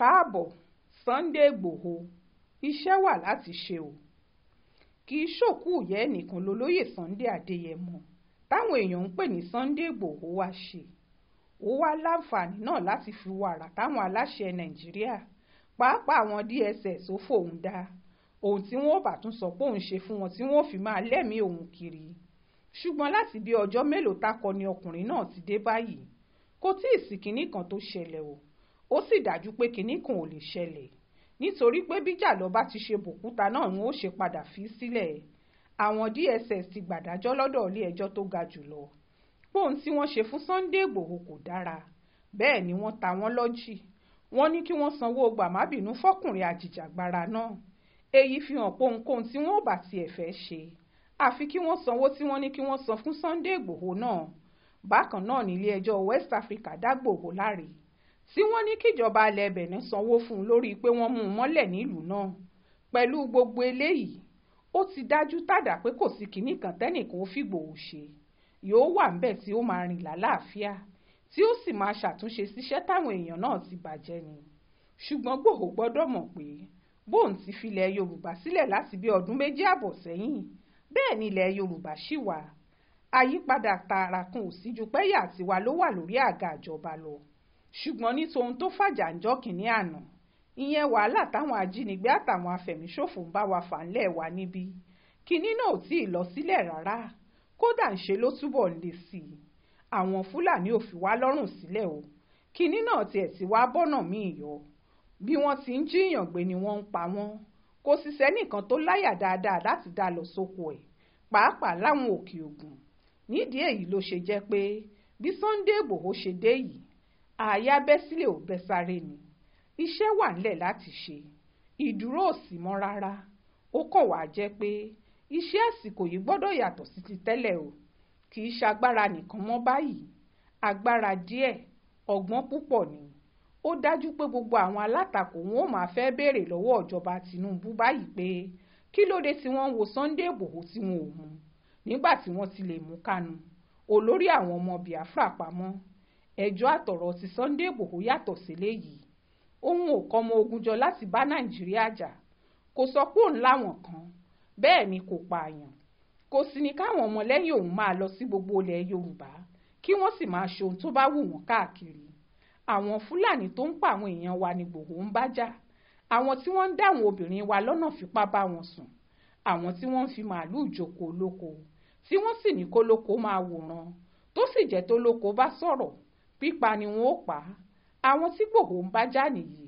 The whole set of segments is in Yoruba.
káàbọ̀ Sunday Igbòho iṣẹ́ wà láti ṣe o kì í ṣòkú ìyá ẹnìkan lólóyè Sunday Adéyẹmọ táwọn èèyàn ń pè ní Sunday Igbòho wá ṣe ó wá láǹfààní náà láti fi wàrà táwọn aláṣẹ Nàìjíríà pàápàá àwọn DSS ó fòun dá ohun tí wọn ò bá tún sọ pé òun ṣe fún wọn tí wọn ò fi máa lẹ́mìí òun kiri ṣùgbọ́n láti bí ọjọ́ mélòó takọ ni ọkùnrin náà ti dé báyìí kò tí ì sí kinní kan tó ṣẹlẹ̀ o ó sì dájú pé kinní kan ò lè ṣẹlẹ̀ nítorí pé bí jàlọ́bá ti ṣe bòkúta náà ń ó ṣe padà fi sílẹ̀ àwọn DSS ti gbàdájọ́ lọ́dọ̀ ilé ẹjọ́ tó ga jù lọ póun tí wọ́n ṣe fún Sunday Ìgbòho kò dára bẹ́ẹ̀ ni wọ́n ta wọ́n lọ́jì wọ́n ní kí wọ́n sanwó gbàmábìínú fọ́kùnrin àjìjàgbara náà èyí fi hàn pé tí wọ́n bá tiẹ̀ fẹ́ ṣe àfi kí wọ́n sanwó tí wọ́n ní kí wọ́n san fún Sunday Ìgbòho náà bákan náà nílé ẹjọ́ West Africa dá Ìgbòho láre tí wọ́n ní kíjọba alẹ́ Benin sanwó fún un lórí pé wọ́n mú un mọ́lẹ̀ nílùú náà pẹ̀lú gbogbo eléyìí ó ti dájú tàdà pé kò sí kinní kan tẹ́nìkan ó fìgbòho ṣe yóò wà ńbẹ̀ tí ó máa rìn lálàáfíà tí ó sì máa ṣàtúnṣe síṣẹ́ táwọn èèyàn náà ti bàjẹ́ ni ṣùgbọ́n Ìgbòho gbọ́dọ̀ mọ̀ pé bóun ti filẹ̀ Yorùbá sílẹ̀ láti bí ọdún méjì àbọ̀ sẹ́yìn bẹ́ẹ̀ ni ilẹ̀ Yorùbá ṣì wà àyípadà tààrà kan ò sí ju pẹ́yà tiwa ló wà lórí àga ìjọba lọ ṣùgbọ́n ní tòun tó fàjà ńjọ́ kìíní àná ìyẹn wàhálà táwọn ajínigbé àtàwọn afẹ̀míṣòfò ń bá wa fà ńlẹ̀ wa níbí kínní náà ò tí ì lọ sílẹ̀ rárá kódà ń ṣe ló túbọ̀ ń le sí i àwọn fúlàní ò fi wá lọ́rùn sílẹ̀ o kínní náà tiẹ̀ ti wá bọ́nà míì yọ bí wọ́n ti ń jíyàn gbé ni wọ́n ń pa wọ́n kò sì sẹ́nìkan tó láyà dáadáa láti dá lọ sóko ẹ̀ pàápàá láwọn òkè ògùn nídìí èyí ló ṣe jẹ́ pé bí Sunday Ìgbòho ṣe dé yìí àáyá bẹ́ sílẹ̀ ò bẹ́ sáré ni iṣẹ́ wà nílẹ̀ láti ṣe ìdúró ò sì mọ́ rárá ó kàn wá jẹ́ pé iṣẹ́ àsìkò yìí gbọ́dọ̀ yàtọ̀ sí ti tẹ́lẹ̀ o kì í ṣagbára nìkan mọ́ báyìí agbára díẹ̀ ọgbọ́n púpọ̀ ni ó dájú pé gbogbo àwọn alátakò wọn ò máa fẹ́ béèrè lọ́wọ́ ìjọba Tinubu báyìí pé kí ló tí wọ́n ń wo Sunday Ìgbòho tí wọn ò mú nígbà tí wọ́n ti lè mú Kánú olórí àwọn ọmọ Biafra pamọ́ ẹjọ́ àtọ̀rọ̀ ti Sunday Igbòho yàtọ̀ síléyìí òun ò kọ́ ọmọ Ògúnjọ láti bá Nàìjíríà jà kò sọ pé òun láwọn kan bẹ́ẹ̀ ni kò pààyàn kò sì ní káwọn ọmọlẹ́yìn òun máa lọ sí gbogbo ilẹ̀ Yorùbá kí wọ́n sì máa ṣe ohun tó bá wù wọ́n káàkiri àwọn Fúlàní tó ń pa àwọn èèyàn wa ni Ìgbòho ń bá jà àwọn tí wọ́n ń dá àwọn obìnrin wa lọ́nà fipá bá wọn sùn àwọn tí wọ́n ń fi màálù jókòó lóko tí wọ́n sì ní kólóko máa wòran tó sì jẹ́ tó bá sọ̀rọ̀ pípa ni wọn ó pa á àwọn tí kòkó ń bá jà nìyí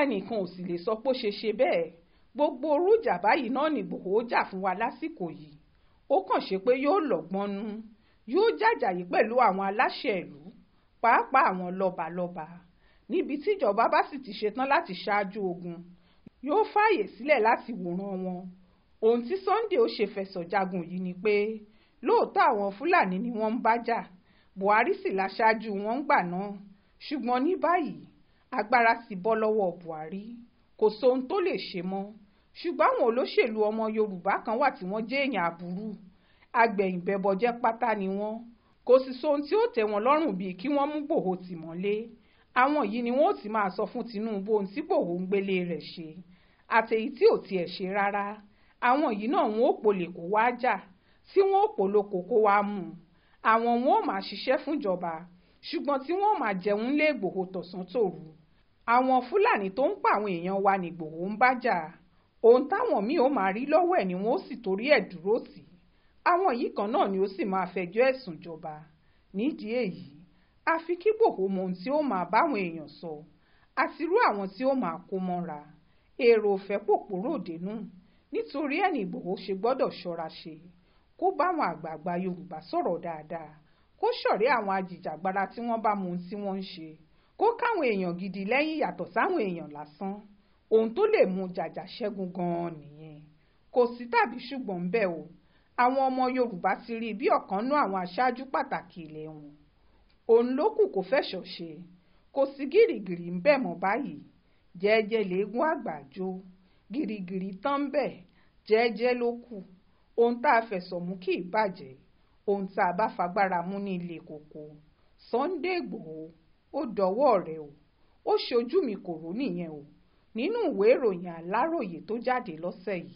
ẹnìkan ò sì lè sọ pé ó ṣe ṣe bẹ́ẹ̀ gbogbo orújà báyìí náà ni gbòho jà fún wa lásìkò yìí ó kàn ṣe pé yóò lọ́gbọ́n nú yóò jàjàyí pẹ̀lú àwọn aláṣẹ ìlú pàápàá àwọn lọ́balọ́ba níbi tíjọba bá sì ti ṣetán láti ṣáájú ogun yóò fààyè sílẹ̀ láti wòran wọn ohun tí Sunday ó ṣe fẹ̀sọ̀ jagun yìí ni pé lóòótọ́ àwọn Fúlàní ni wọ́n ń bá jà buhari sì láṣáájú wọn ńgbà náà ṣùgbọ́n ní báyìí agbára ti bọ́ lọ́wọ́ buhari kò sóhun tó lè ṣe mọ́ ṣùgbọ́n àwọn olóṣèlú ọmọ yorùbá kan wà tí wọ́n jẹ́ èèyàn àbúrú agbẹ̀yìnbẹ̀bọ̀jẹ́ pátá ni wọ́n kò sì sóhun tí ó tẹ̀ wọ́n lọ́rùn bíi kí wọ́n mú gbòho tì mọ́lé àwọn yìí ni wọ́n ó ti máa sọ fún tinubu ohun tí gbòho ń gbélé rẹ̀ ṣe àtẹ̀yí tí ò tiẹ̀ ṣe rárá àwọn yìí náà wọn ò polè kó wá jà tí wọn ò polóko kó wá mú un àwọn wọn ò máa ṣiṣẹ́ fúnjọba ṣùgbọ́n tí wọ́n máa jẹun lé Ìgbòho tọ̀sán tòru àwọn Fúlàní tó ń pa àwọn èèyàn wa ní Ìgbòho ń bá jà ohun táwọn míì ó máa rí lọ́wọ́ ẹ̀ ni wọ́n ó sì torí ẹ̀ dúró sí àwọn yìí kan náà ni ó sì máa fẹjọ́ ẹ̀sùn jọba nídìí èyí àfi kí Ìgbòho mọ ohun tí ó máa báwọn èèyàn sọ àti irú àwọn tí ó máa kó mọ́ra èrò òfẹ́ pòpòrò nítorí ẹ̀ ní Ìgbòho ṣe gbọ́dọ̀ ṣọ́ra ṣe kó bá àwọn àgbààgbà Yorùbá sọ̀rọ̀ dáadáá kó ṣọ̀rẹ́ àwọn ajìjàgbara tí wọ́n bá mu ohun tí wọ́n ń ṣe kó káwọn èèyàn gidi lẹ́yìn yàtọ̀ sáwọn èèyàn lásán ohun tó lè mú jàjà ṣẹ́gun gan-an nìyẹn kò sí tàbí ṣùgbọ́n ń bẹ̀ o àwọn ọmọ Yorùbá ti rí bí ọ̀kan nú àwọn aṣáájú pàtàkì ilẹ̀ wọn òun ló kù kó fẹ̀sọ̀ ṣe kò sí gìrìgìrì ń bẹ̀ mọ́ báyìí jẹ́ẹ́jẹ́ léegun àgbàjọ gìrìgìrì tán ń bẹ̀ jẹ́ẹ́jẹ́ ló kù ohun tá a fẹ̀sọ̀ mú kì í bàjẹ́ ohun tá a bá fagbára mú ní ilé koko Sunday Ìgbòho ó dọwọ́ rẹ̀ o ó ṣojú mi kò rò nìyẹn o nínú ìwé ìròyìn Aláròyé tó jáde lọ́sẹ̀ yìí